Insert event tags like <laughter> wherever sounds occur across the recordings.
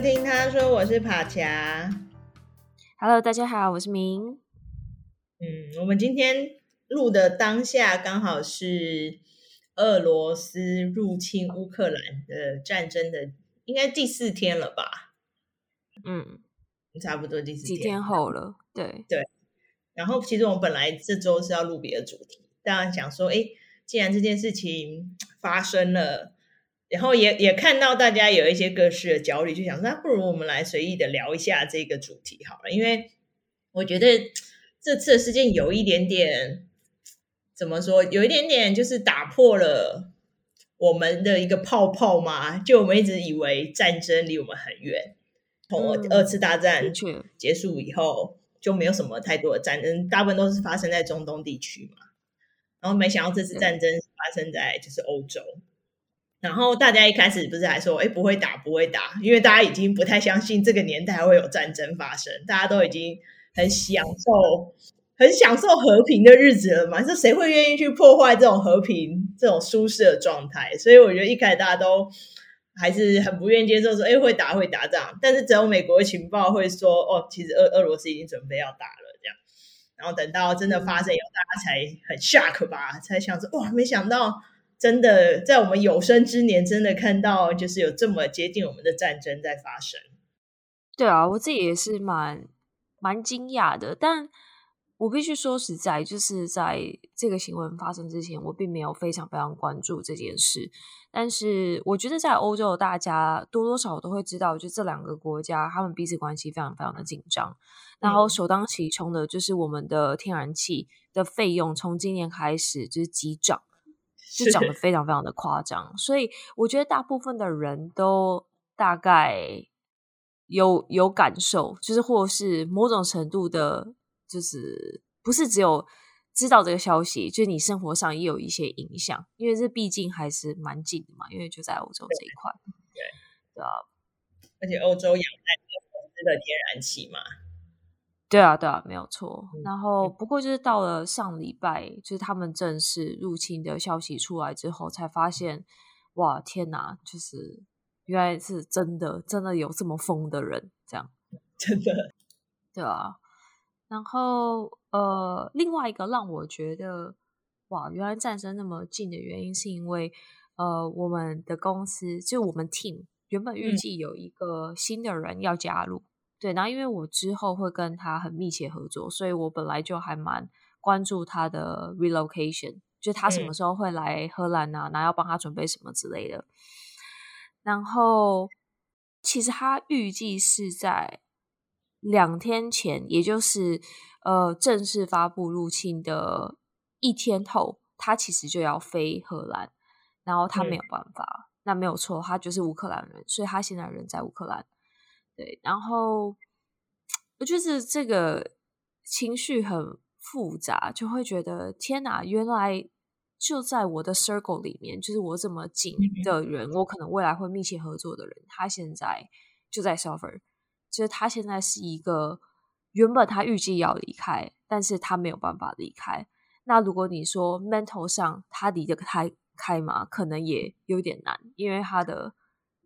聽他說：“我是帕恰。”Hello，大家好，我是明。嗯，我們今天錄的當下剛好是俄羅斯入侵烏克蘭的戰爭的，應該第四天了吧？嗯，差不多第四天。幾天後了，對對。然後，其實我們本來這周是要錄別的主題，當然想說，哎，既然這件事情發生了。然後也也看到大家有一些各式的焦慮，就想說那不如我們來隨意的聊一下這個主題好了，因為我覺得這次的事件有一點點怎麼說，有一點點就是打破了我們的一個泡泡嘛，就我們一直以為戰爭離我們很遠，從二次大戰結束以後，嗯，是是，就沒有什麼太多的戰爭，大部分都是發生在中東地區嘛，然後沒想到這次戰爭發生在就是歐洲。然後大家一開始不是還說，哎，不會打，不會打，因為大家已經不太相信這個年代會有戰爭發生，大家都已經很享受、很享受和平的日子了嘛，這誰會願意去破壞這種和平、這種舒適的狀態？所以我覺得一開始大家都還是很不願意接受說，哎，會打，會打仗。但是只有美國情報會說，哦，其實俄俄羅斯已經準備要打了這樣。然後等到真的發生以後，大家才很 shock 吧，才想說，哇，沒想到。真的，在我們有生之年，真的看到就是有這麼接近我們的戰爭在發生。對啊，我自己也是蠻蠻驚訝的。但我必須說實在，就是在這個新聞發生之前，我並沒有非常非常關注這件事。但是我覺得，在歐洲的大家多多少少都會知道，就這兩個國家他們彼此關係非常非常的緊張。嗯。然後首當其衝的就是我們的天然氣的費用，從今年開始就是急漲。就講得非常非常的誇張，是所以我覺得大部分的人都大概有有感受，就是或是某種程度的，就是不是只有知道這個消息，就是、你生活上也有一些影響，因為這畢竟還是蠻近的嘛，因為就在歐洲這一塊，對，對、啊、而且歐洲也在用俄羅斯的天然氣嘛。對啊，對啊，沒有錯。嗯、然後，不過就是到了上禮拜，就是他們正式入侵的消息出來之後，才發現，哇，天吶，就是原來是真的，真的有這麼瘋的人，這樣，真的，對啊。然後，呃，另外一個讓我覺得，哇，原來戰爭那麼近的原因，是因為，呃，我們的公司，就我們 team，原本預計有一個新的人要加入。嗯對，然後因為我之後會跟他很密切合作，所以我本來就還蠻關注他的 relocation，就他什麼時候會來荷蘭啊，嗯、然後要幫他準備什麼之類的。然後其實他預計是在兩天前，也就是呃正式發布入侵的一天後，他其實就要飛荷蘭。然後他沒有辦法，嗯、那沒有錯，他就是烏克蘭人，所以他現在人在烏克蘭。對然後，就是這個情緒很複雜，就會覺得天哪！原來就在我的 circle 裡面，就是我這麼近的人，我可能未來會密切合作的人，他現在就在 suffer。就是他現在是一個原本他預計要離開，但是他沒有辦法離開。那如果你說 mental 上他離得開開嗎？可能也有點難，因為他的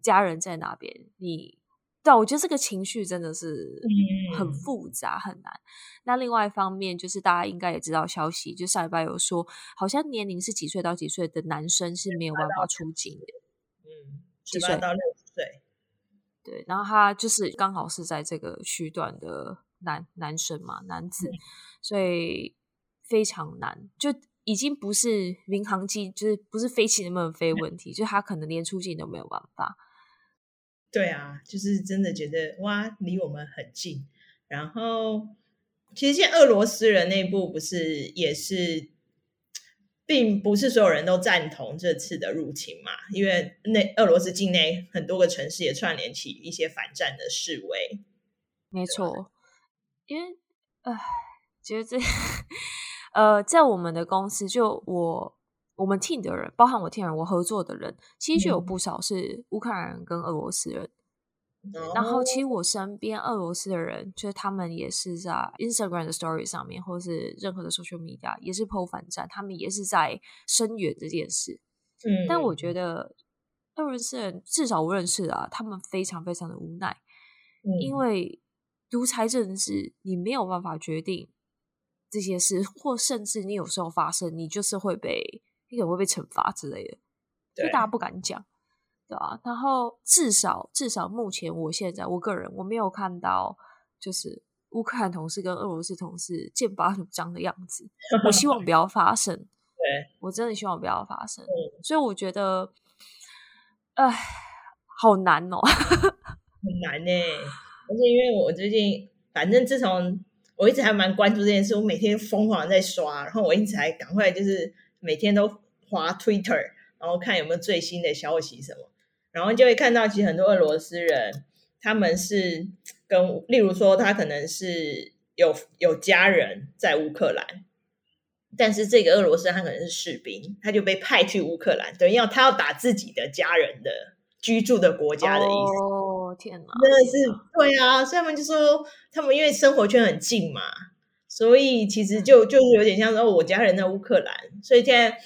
家人在那邊。你。對啊，我覺得這個情緒真的是很複雜，嗯，很難。那另外一方面，就是大家應該也知道消息，就上禮拜有說，好像年齡是幾歲到幾歲的男生是沒有辦法出境的。歲嗯，幾歲到六十歲？對，然後他就是剛好是在這個區段的男男生嘛，男子，嗯，所以非常難，就已經不是民航機，就是不是飛起能不能飛問題，嗯，就他可能連出境都沒有辦法。對啊，就是真的覺得哇，離我們很近。然後，其實現在俄羅斯人內部不是也是，並不是所有人都贊同這次的入侵嘛，因為那俄羅斯境內很多個城市也串聯起一些反戰的示威。沒錯，對因為哎，呃，其實這呃，在我們的公司就我。我們 team 的人，包含我 team 人，我合作的人，其實就有不少是烏克蘭人跟俄羅斯人。嗯、然後，其實我身邊俄羅斯的人，就是他們也是在 Instagram 的 story 上面，或是任何的 social media，也是 po 反戰，他們也是在聲援這件事。嗯、但我覺得俄羅斯人至少我認識啊，他們非常非常的無奈，嗯、因為獨裁政治，你沒有辦法決定這些事，或甚至你有時候發生，你就是會被。你可能會被懲罰之類的，因為對大家不敢講，對啊。然後至少至少目前我現在我個人我沒有看到，就是烏克蘭同事跟俄羅斯同事劍拔弩張的樣子。 <laughs> 我希望不要發生，對，我真的希望不要發生。對所以我覺得，哎，好難哦， <laughs> 很難呢、欸。而且因為我最近，反正自從我一直還蠻關注這件事，我每天瘋狂在刷，然後我一直還趕快就是。每天都滑 Twitter，然後看有沒有最新的消息什麼，然後就會看到，其實很多俄羅斯人他們是跟，例如說他可能是有有家人在烏克蘭，但是這個俄羅斯他可能是士兵，他就被派去烏克蘭，對，等於要他要打自己的家人的居住的國家的意思。哦天哪，真的是對啊，嗯、所以他們就說他們因為生活圈很近嘛。所以其實就就是有點像說，我家人在烏克蘭，所以現在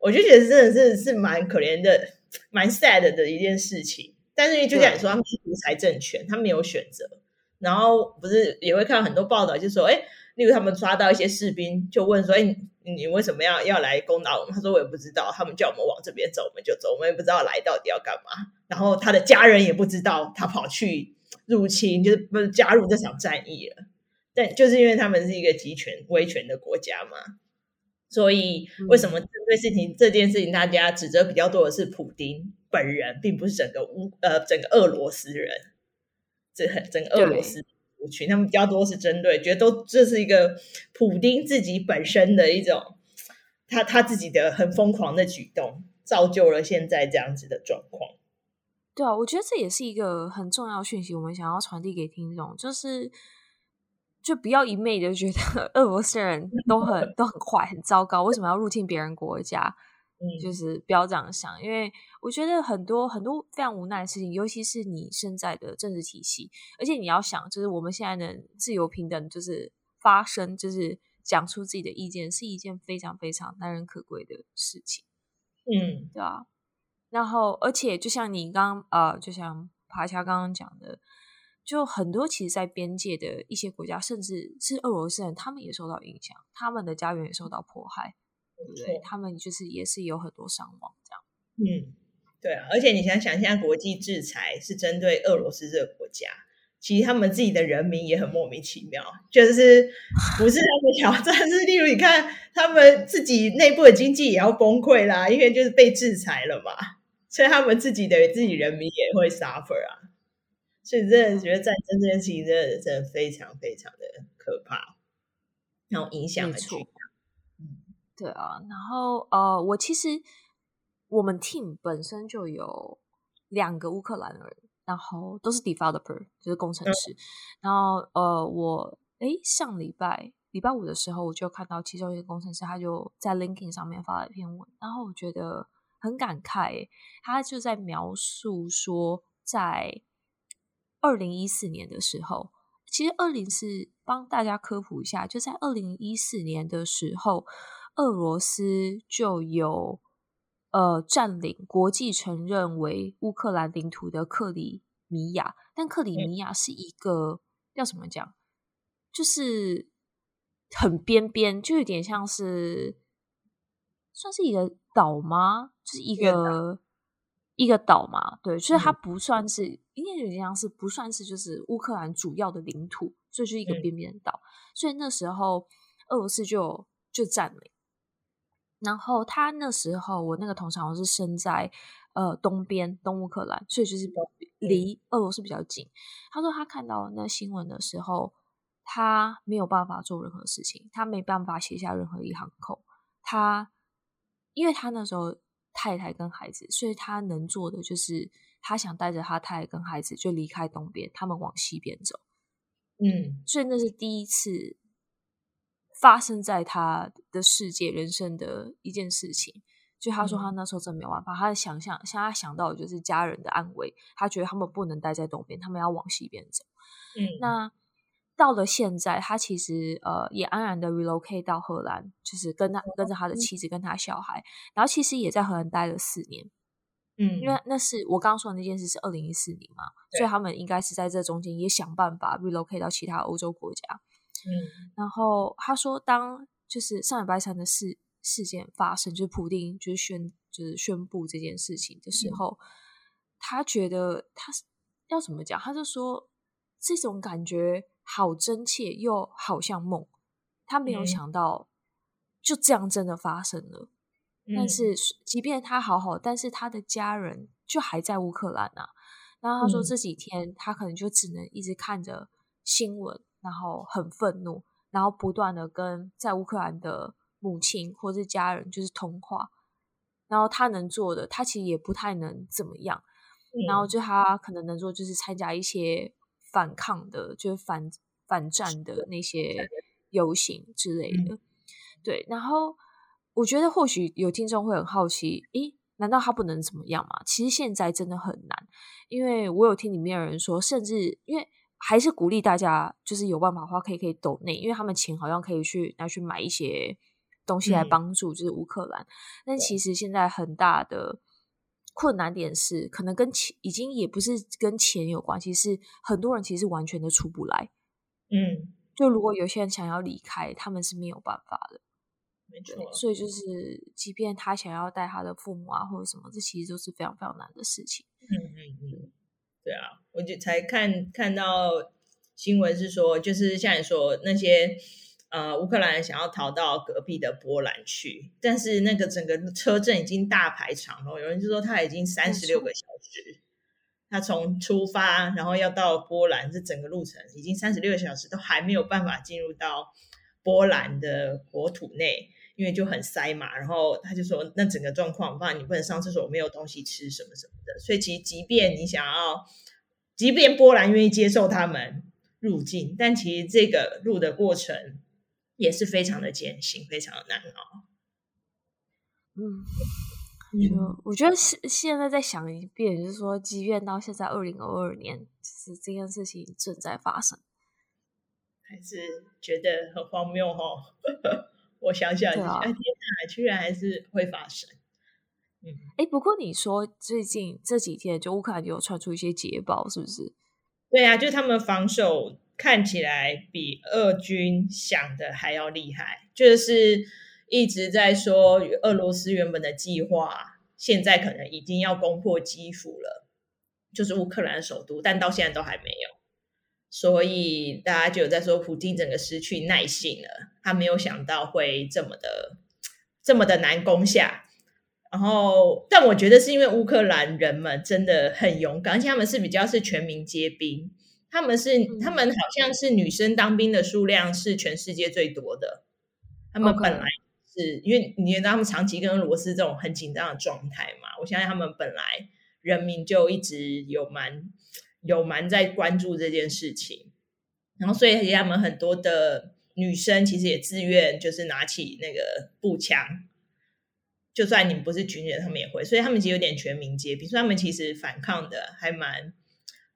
我就覺得真的是是蠻可憐的，蠻 sad 的一件事情。但是就像你說，他們是獨裁政權，他沒有選擇。然後不是也會看到很多報道，就說，哎，例如他們抓到一些士兵，就問說，哎，你為什麼要要來攻打我們？他說我也不知道，他們叫我們往這邊走，我們就走，我們也不知道來到底要幹嘛。然後他的家人也不知道他跑去入侵，就是不是加入這場戰役了。但就是因為他們是一個極權、威權的國家嘛，所以為什麼針對事情這件事情，大家指責比較多的是普丁本人，並不是整個烏呃整個俄羅斯人，這很整個俄羅斯族群，群，他們比較多是針對，覺得都這是一個普丁自己本身的一種，他他自己的很瘋狂的舉動，造就了現在這樣子的狀況。對啊，我覺得這也是一個很重要訊息，我們想要傳遞給聽眾，就是。就不要一味的覺得俄羅斯人都很 <laughs> 都很壞很糟糕，為什麼要入侵別人國家？嗯，就是不要這樣想，因為我覺得很多很多非常無奈的事情，尤其是你現在的政治體系，而且你要想，就是我們現在能自由平等，就是發聲，就是講出自己的意見，是一件非常非常難能可貴的事情。嗯，嗯，對啊。然後，而且就像你剛呃，就像爬橋剛剛講的。就很多，其實，在邊界的一些國家，甚至是俄羅斯人，他們也受到影響，他們的家園也受到迫害，對，對，對，他們就是也是有很多傷亡這樣。嗯，對啊，而且你想想，現在國際制裁是針對俄羅斯這個國家，其實他們自己的人民也很莫名其妙，就是不是他的挑戰。 <laughs> 是例如，你看他們自己內部的經濟也要崩潰啦，因為就是被制裁了嘛，所以他們自己的自己人民也會 suffer 啊。所以真的覺得戰爭這件事情真的真的非常非常的可怕，然後影響的巨大。嗯，嗯，對啊，然後呃，我其實我們 team 本身就有兩個烏克蘭人，然後都是 developer，就是工程師。嗯、然後呃，我誒，上禮拜禮拜五的時候，我就看到其中一個工程師，他就在 LinkedIn 上面發了一篇文，然後我覺得很感慨，他就在描述說在。二零一四年的時候，其實二零是幫大家科普一下，就在二零一四年的時候，俄羅斯就有呃佔領國際承認為烏克蘭領土的克里米亞，但克里米亞是一個要怎、嗯、麼講，就是很邊邊，就有點像是算是一個島嗎？就是一個。一個島嘛，對，所以他不算是，因為你這樣是不算是就是烏克蘭主要的領土，所以就是一個邊邊的島，嗯、所以那時候俄羅斯就就占領。然後他那時候，我那個同事好像是身在呃東邊，東烏克蘭，所以就是比較離俄羅斯比較近。嗯、他說他看到那新聞的時候，他沒有辦法做任何事情，他沒辦法寫下任何一行口。他因為他那時候。太太跟孩子，所以他能做的就是，他想帶着他太太跟孩子就離開東邊，他們往西邊走。嗯，所以那是第一次發生在他的世界、人生的一件事情。就他說，他那時候真沒有辦法，嗯、他的想象，現在想到的就是家人的安危，他覺得他們不能待在東邊，他們要往西邊走。嗯，那。到了現在，他其實呃也安然的 relocate 到荷蘭，就是跟他跟着他的妻子跟他小孩，嗯、然後其實也在荷蘭待了四年，嗯，因為那是我剛剛說的那件事是二零一四年嘛，對所以他們應該是在這中間也想辦法 relocate 到其他歐洲國家，嗯，然後他說，當就是上禮拜三的事事件發生，就是普丁，就是宣就是宣布這件事情的時候，嗯、他覺得他是要怎麼講，他就說這種感覺。好真切，又好像夢。他沒有想到，就這樣真的發生了。嗯、但是，即便他好，好，但是他的家人就還在烏克蘭啊。然後他說，這幾天他可能就只能一直看着新聞，然後很憤怒，然後不斷的跟在烏克蘭的母親或是家人就是通話。然後他能做的，他其實也不太能怎麼樣。嗯、然後就他可能能做，就是參加一些。反抗的，就是反反戰的那些遊行之類的，嗯、對。然後我覺得或許有聽眾會很好奇，誒，難道他不能怎麼樣嗎？其實現在真的很難，因為我有聽裡面的人說，甚至因為還是鼓勵大家，就是有辦法的話，可以可以抖內，因為他們錢好像可以去拿去買一些東西來幫助，嗯、就是烏克蘭。但其實現在很大的。嗯困難點是，可能跟錢已經也不是跟錢有關係，其實是很多人其實完全都出不來。嗯，就如果有些人想要離開，他們是沒有辦法的，沒錯。所以就是，即便他想要帶他的父母啊，或者什麼，這其實都是非常非常難的事情。嗯嗯嗯，對啊，我就才看看到新聞是說，就是像你說那些。呃，烏克蘭想要逃到隔壁的波蘭去，但是那個整個車陣已經大排長龍，有人就說他已經三十六個小時，他從出發，然後要到波蘭，這整個路程已經三十六個小時，都還沒有辦法進入到波蘭的國土內，因為就很塞嘛。然後他就說，那整個狀況，不然你不能上廁所，我沒有東西吃，什麼什麼的。所以，其實即便你想要，即便波蘭願意接受他們入境，但其實這個入的過程。也是非常的艱辛，非常的難熬。嗯，嗯，我覺得現現在再想一遍，就是說，即便到現在二零二二年，實、就是、這件事情正在發生，還是覺得很荒謬哈、哦？ <laughs> 我想想一下，哎、啊，天哪，居然還是會發生。嗯，哎、欸，不過你說最近這幾天，就烏克蘭有傳出一些捷報，是不是？對啊，就他們防守。看起來比俄軍想的還要厲害，就是一直在說俄羅斯原本的計劃，現在可能已經要攻破基輔了，就是烏克蘭首都，但到現在都還沒有。所以大家就有在說普京整個失去耐性了，他沒有想到會這麼的這麼的難攻下。然後，但我覺得是因為烏克蘭人們真的很勇敢，而且他們是比較是全民皆兵。他們是，他們好像是女生當兵的數量是全世界最多的。他們本來是 Okay. 因為你也知道他們長期跟俄羅斯這種很緊張的狀態嘛，我相信他們本來人民就一直有蠻有蠻在關注這件事情，然後所以他們很多的女生其實也自願就是拿起那個步槍，就算你們不是軍人，他們也會。所以他們其實有點全民皆兵，所以他們其實反抗的還蠻。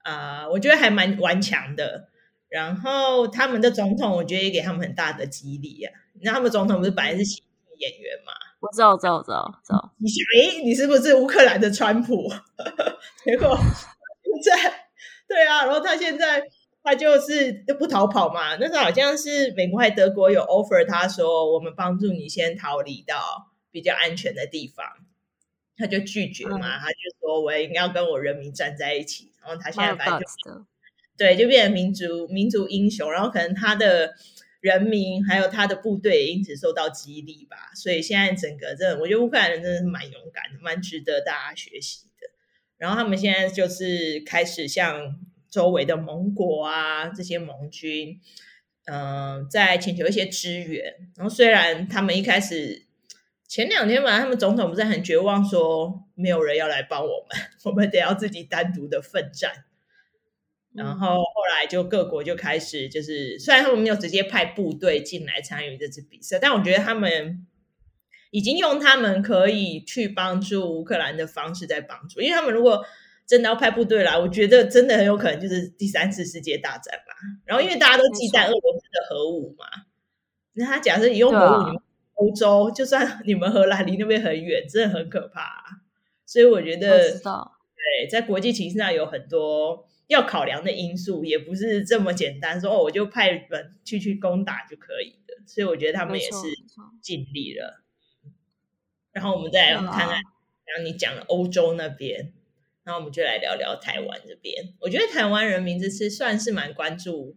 啊，uh, 我覺得還蠻頑強的。然後他們的總統，我覺得也給他們很大的激勵呀、啊。那他們總統不是本來是喜劇演員嘛？我知道，知道，知道，知道。你想，哎，你是不是烏克蘭的川普？ <laughs> 結果 <laughs> 在對啊，然後他現在他就是就不逃跑嘛。那時候好像是美國還德國有 offer，他說我們幫助你先逃離到比較安全的地方，他就拒絕嘛。嗯、他就說，我應該要跟我人民站在一起。然後他現在反正就，對，就變成民族民族英雄，然後可能他的人民還有他的部隊也因此受到激勵吧，所以現在整個這，我覺得烏克蘭人真的是蠻勇敢的，蠻值得大家學習的。然後他們現在就是開始向周圍的盟國啊，這些盟軍，嗯，在請求一些支援。然後雖然他們一開始。前兩天吧，他們總統不是很絕望說，說沒有人要來幫我們，我們得要自己單獨的奮戰。然後後來就各國就開始，就是雖然他們沒有直接派部隊進來參與這次比賽，但我覺得他們已經用他們可以去幫助烏克蘭的方式在幫助。因為他們如果真的要派部隊來，我覺得真的很有可能就是第三次世界大戰吧。然後因為大家都忌憚俄羅斯的核武嘛，那他假設你用核武，你。歐洲，就算你們荷蘭離那邊很遠，真的很可怕啊。所以我覺得，oh, I know. 對，在國際情勢上有很多要考量的因素，也不是這麼簡單，說哦，我就派人去去攻打就可以的。所以我覺得他們也是盡力了。然後我們再來看看，Yeah. 然後你講了歐洲那邊，然後我們就來聊聊台灣這邊。我覺得台灣人民這次算是蠻關注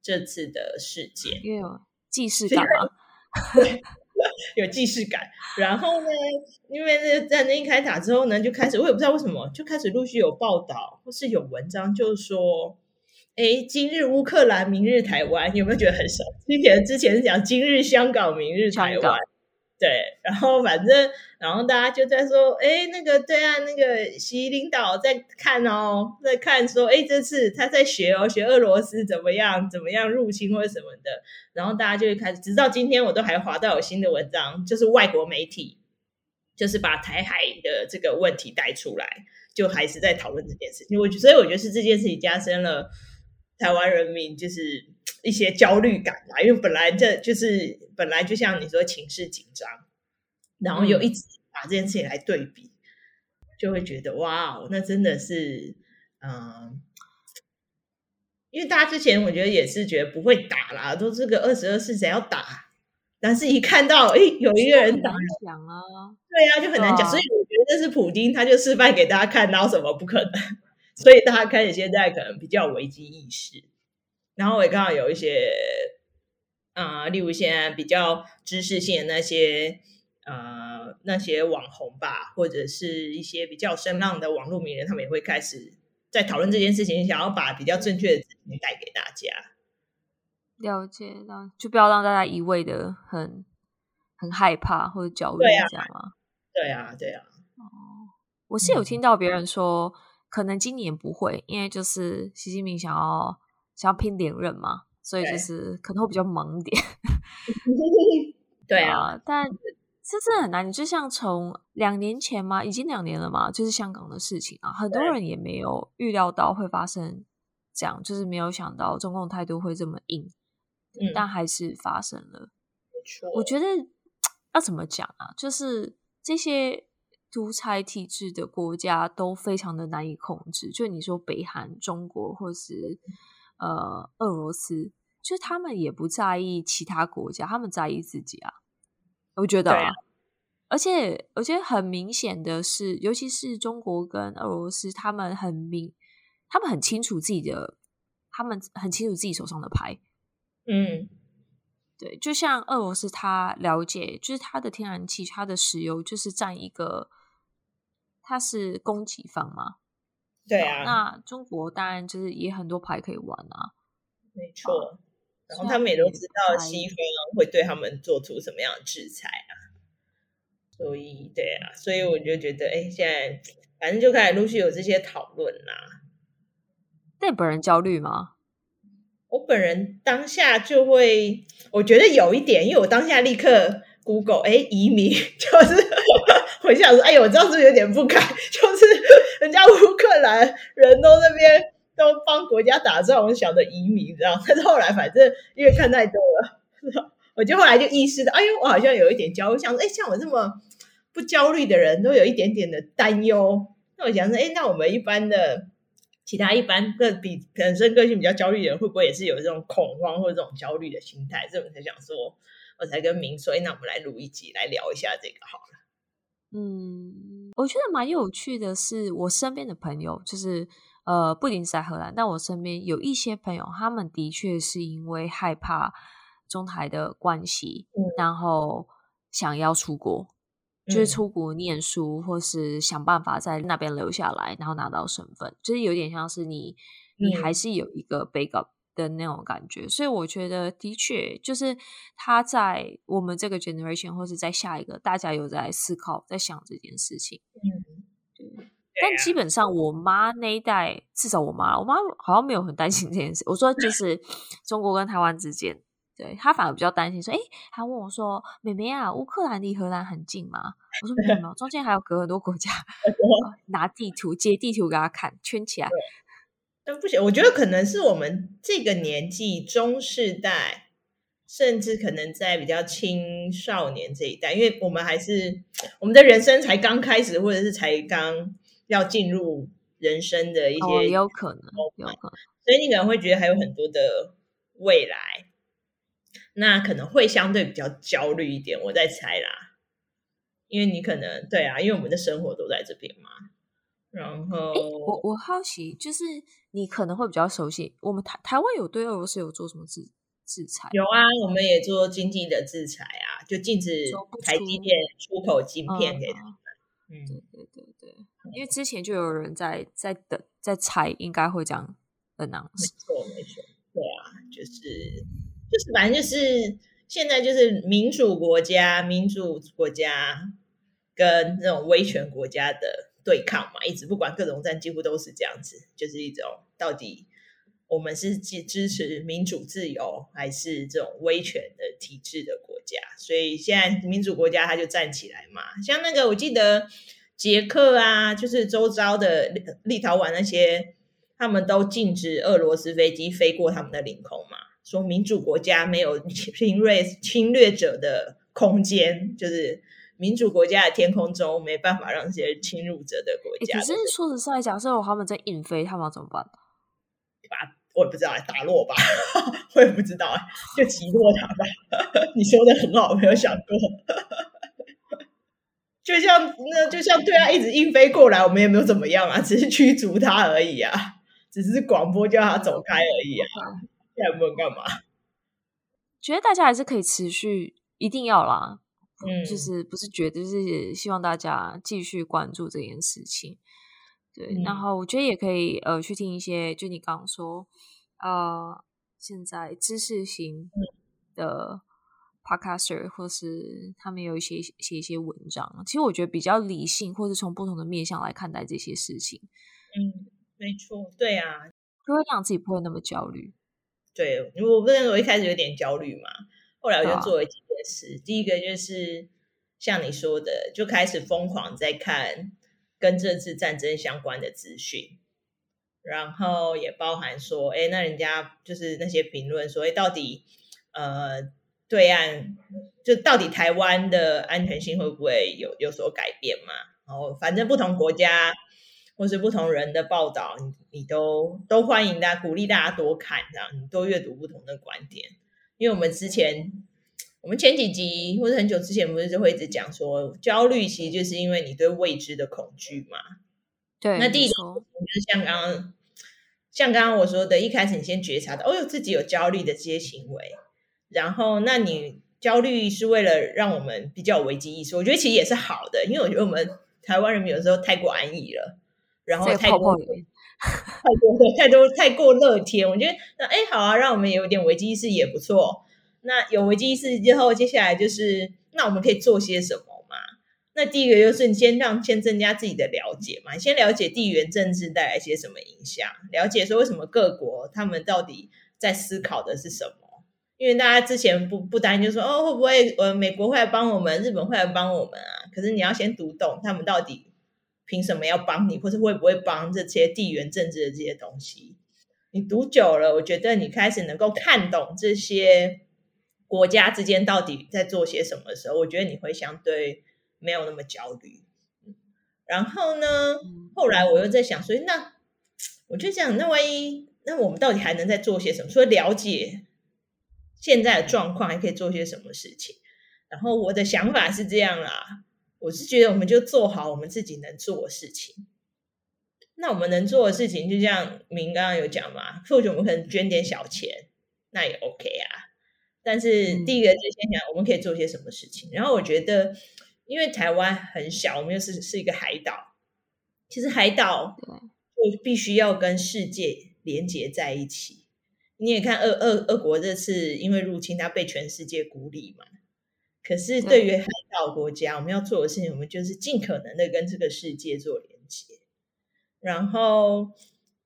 這次的事件，因為有即視感嘛 <laughs> <laughs> 有既視感，然後呢？因為那在那一開打之後呢，就開始我也不知道為什麼，就開始陸續有報道或是有文章就說：“哎，今日烏克蘭，明日台灣。”你有沒有覺得很熟？並且之前是講“今日香港，明日台灣”。對，然後反正，然後大家就在說，哎，那個對岸、啊、那個習領導在看哦，在看說，哎，這次他在學哦，學俄羅斯怎麼樣，怎麼樣入侵或什麼的。然後大家就會開始，直到今天，我都還滑到有新的文章，就是外國媒體，就是把台海的這個問題帶出來，就還是在討論這件事情。所我所以我覺得是這件事情加深了台灣人民就是。一些焦慮感啦，啊，因為本來這就是本來就像你說情緒緊張，然後又一直把這件事情來對比，嗯、就會覺得哇哦，那真的是嗯，因為大家之前我覺得也是覺得不會打啦，都這個二十一世紀是誰要打，但是一看到哎有一個人打了，響啊，對啊，就很難講，哦、所以我覺得這是普丁，他就示範給大家看，然後什麼不可能，所以大家開始現在可能比較危機意識。然後我也剛好有一些，啊、呃，例如現在比較知識性的那些，呃，那些網紅吧，或者是一些比較聲浪的網絡名人，他們也會開始在討論這件事情，想要把比較正確的資訊帶給大家。了解到，就不要讓大家一味的很很害怕或者焦慮這樣啊。對啊，對啊。哦、嗯，我是有聽到別人說，可能今年不會，因為就是習近平想要。想要拼連任嘛，Okay. 所以就是可能會比較忙一點。 <laughs> <laughs> 對啊，對啊但這真的很難。你就像從兩年前嘛，已經兩年了嘛，就是香港的事情啊，很多人也沒有預料到會發生這樣，對就是沒有想到中共態度會這麼硬，嗯、但還是發生了。錯我覺得要怎麼講啊？就是這些獨裁體制的國家都非常的難以控制。就你說北韓、中國或是。呃，俄羅斯，就是他們也不在意其他國家，他們在意自己啊。我覺得啊，啊、而且而且很明顯的是，尤其是中國跟俄羅斯，他們很明，他們很清楚自己的，他們很清楚自己手上的牌。嗯，對，就像俄羅斯，他了解，就是他的天然氣、他的石油，就是占一個，他是供給方嘛。對啊、哦，那中國當然就是也很多牌可以玩啊，沒錯。啊、然後他們也都知道西方會對他們做出什麼樣的制裁啊，所以對啊，所以我就覺得，哎，現在反正就開始陸續有這些討論啦。那本人焦慮嗎？我本人當下就會，我覺得有一點，因為我當下立刻 Google 哎，移民，就是我，我想說，哎呦，我這樣子有點不敢。人家烏克蘭人都那邊都幫國家打仗，我想著移民，知道？但是後來反正因為看太多了，我就後來就意識到，哎呦，我好像有一點焦慮。像哎，像我這麼不焦慮的人都有一點點的擔憂。那我想說，哎，那我們一般的其他一般個比本身個性比較焦慮的人，會不會也是有這種恐慌或者這種焦慮的心態？所以我才想說，我才跟明說，哎，那我們來錄一集，來聊一下這個好了。嗯，我覺得蠻有趣的是，我身邊的朋友就是，呃，不僅是在荷蘭，但我身邊有一些朋友，他們的確是因為害怕中台的關係，嗯、然後想要出國，嗯、就是出國念書，或是想辦法在那邊留下來，然後拿到身份，就是有點像是你，嗯、你還是有一個 backup。的那種感覺，所以我覺得的確就是他在我們這個 generation 或是在下一個，大家有在思考、在想這件事情。對。但基本上，我媽那一代至少我媽，我媽好像沒有很擔心這件事。我說就是中國跟台灣之間，對她反而比較擔心。說，誒、欸、她問我說：“妹妹啊，烏克蘭離荷蘭很近嗎？”我說：“沒有，中間還有隔很多國家。” <laughs> 拿地圖，借地圖給她看，圈起來。但不行，我覺得可能是我們這個年紀，中世代，甚至可能在比較青少年這一代，因為我們還是，我們的人生才剛開始，或者是才剛要進入人生的一些，哦，有可能，有可能，所以你可能會覺得還有很多的未來，那可能會相對比較焦慮一點，我在猜啦，因為你可能，對啊，因為我們的生活都在這邊嘛。然後，我我好奇，就是你可能會比較熟悉，我們台台灣有對俄羅斯有做什麼制制裁？有啊，對我們也做經濟的制裁啊，就禁止台積電出口晶片給他們。嗯，啊、嗯，對對對對，因為之前就有人在在等在猜，在在裁應該會講那樣，的樣子，沒錯沒錯，對啊，就是就是反正就是現在就是民主國家、民主國家跟那種威權國家的對抗嘛，一直不管各種戰，幾乎都是這樣子，就是一種到底我們是支支持民主自由，還是這種威權的體制的國家？所以現在民主國家他就站起來嘛，像那個我記得捷克啊，就是周遭的立，立陶宛那些，他們都禁止俄羅斯飛機飛過他們的領空嘛，說民主國家沒有侵略侵略者的空間，就是。民主國家的天空中沒辦法讓這些侵入者的國家。欸、可是，說實在，假設他們在硬飛，他們要怎麼辦？打，我也不知道，打落吧， <laughs> 我也不知道，就擊落他吧。 <laughs> 你說的很好，我沒有想過。 <laughs> 就像那，就像對啊，一直硬飛過來，我們也沒有怎麼樣啊，只是驅逐他而已啊，只是廣播叫他走開而已啊，Okay. 現在不能幹嘛？覺得大家還是可以持續，一定要啦。嗯，就是不是覺得、就是希望大家繼續關注這件事情，對。嗯、然後我覺得也可以呃，去聽一些，就你剛剛說，呃，現在知識型的 podcaster、嗯、或是他們有一些寫一些文章，其實我覺得比較理性，或是從不同的面向來看待這些事情。嗯，沒錯，對啊，就會讓自己不會那麼焦慮。對，因為我不認為我一開始有點焦慮嘛。後來我就做了幾件事，好第一個就是像你說的，就開始瘋狂在看跟這次戰爭相關的資訊，然後也包含說，哎，那人家就是那些評論，所以到底呃對岸就到底台灣的安全性會不會有有所改變嘛？然後反正不同國家或是不同人的報道，你，你都都歡迎大家，鼓勵大家多看這樣，你多閱讀不同的觀點。因為我們之前，我們前幾集或者很久之前，不是就會一直講說，焦慮其實就是因為你對未知的恐懼嘛。對，那第一種就是像剛，像剛剛我說的，一開始你先覺察到，哦呦，自己有焦慮的這些行為。然後，那你焦慮是為了讓我們比較危機意識，我覺得其實也是好的，因為我覺得我們台灣人民有時候太過安逸了，然後太。 <laughs> 太多太多太過樂天，我覺得那哎好啊，讓我們有點危機意識也不錯。那有危機意識之後，接下來就是那我們可以做些什麼嘛？那第一個就是你先讓先增加自己的了解嘛，你先了解地緣政治帶來一些什麼影響，了解說為什麼各國他們到底在思考的是什麼？因為大家之前不不擔心，就說哦會不會呃美國會來幫我們，日本會來幫我們啊？可是你要先讀懂他們到底。憑什麼要幫你，或者會不會幫這些地緣政治的這些東西？你讀久了，我覺得你開始能夠看懂這些國家之間到底在做些什麼的時候，我覺得你會相對沒有那麼焦慮。然後呢，後來我又在想說，所以那我就想，那萬一那我們到底還能再做些什麼？除了了解現在的狀況，還可以做些什麼事情？然後我的想法是這樣啦。我是覺得，我們就做好我們自己能做的事情。那我們能做的事情，就像明剛剛有講嘛，或許我們可能捐點小錢，那也 OK 啊。但是第一個就先想，我們可以做些什麼事情。嗯、然後我覺得，因為台灣很小，我們又是是一個海島，其實海島就、嗯、必須要跟世界連接在一起。你也看俄，俄、俄國這次因為入侵，它被全世界孤立嘛。可是對於海、嗯到國家，我們要做的事情，我們就是盡可能的跟這個世界做連接。然後，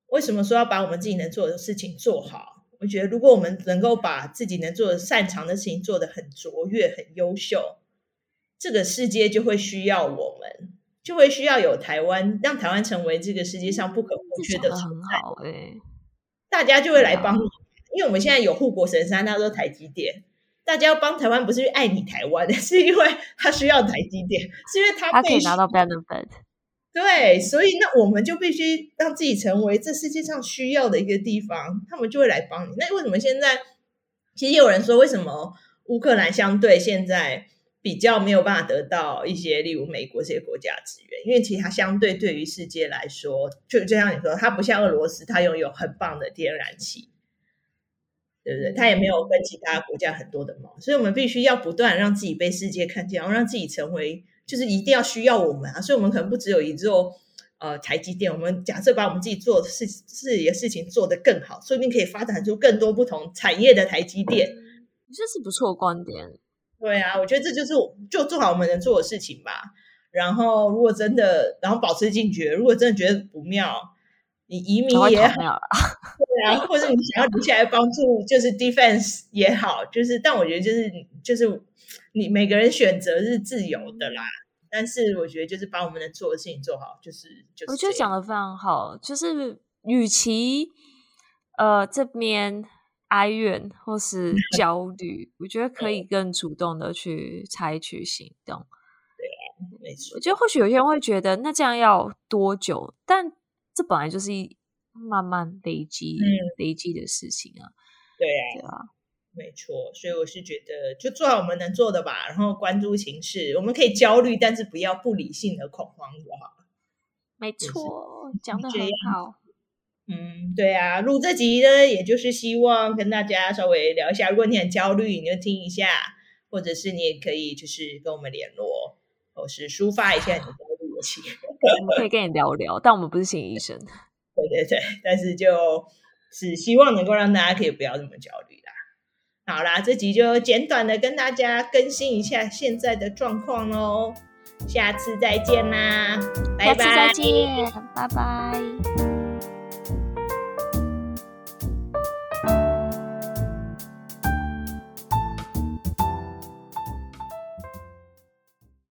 為什麼說要把我們自己能做的事情做好？我覺得，如果我們能夠把自己能做的擅長的事情做得很卓越，很優秀，這個世界就會需要我們，就會需要有台灣，讓台灣成為這個世界上不可或缺的存在。欸、大家就會來幫你。嗯、因為我們現在有護國神山，叫做台積電。大家要幫台灣，不是去愛你台灣，是因為他需要台積電，是因為它必須。他可以拿到 benefit。對，所以那我們就必須讓自己成為這世界上需要的一個地方，他們就會來幫你。那為什麼現在其實也有人說，為什麼烏克蘭相對現在比較沒有辦法得到一些，例如美國這些國家資源？因為其實它相對對於世界來說，就就像你說，它不像俄羅斯，它擁有很棒的天然氣。對不對？他也沒有跟其他國家很多的毛，所以我們必須要不斷讓自己被世界看見，然後讓自己成為就是一定要需要我們啊！所以，我們可能不只有一座呃台積電，我們假設把我們自己做的事自己的事情做得更好，說不定可以發展出更多不同產業的台積電。嗯，這是不錯觀點。對啊，對啊，我覺得這就是就做好我們能做的事情吧。然後，如果真的，然後保持警覺，如果真的覺得不妙。你移民也好， <laughs> 對啊，或者你想要留下來幫助，就是 defense 也好，就是，但我覺得就是就是你每個人選擇是自由的啦。但是我覺得就是把我們的做的事情做好，就是，就是就這是個。我覺得講的非常好，就是與其呃這邊哀怨或是焦慮， <laughs> 我覺得可以更主動的去採取行動。對啊，沒錯。我覺得或許有些人會覺得，那這樣要多久？但這本來就是一慢慢累積、嗯、累積的事情啊。對啊，對吧沒錯。所以我是覺得，就做好我們能做的吧。然後關注情勢，我們可以焦慮，但是不要不理性的恐慌就好了。沒錯，就是、講得很好。嗯，對啊，錄這集呢，也就是希望跟大家稍微聊一下。如果你很焦慮，你就聽一下；或者是你也可以，就是跟我們聯絡，或是抒發一下你的焦慮的情、啊 <laughs> <laughs> 我們可以跟你聊聊，但我們不是心理醫生。對對對，但是就只希望能夠讓大家可以不要這麼焦慮啦。好啦，這集就簡短的跟大家更新一下現在的狀況嘍。下次再見啦，下次再見拜拜！下次再見，拜拜。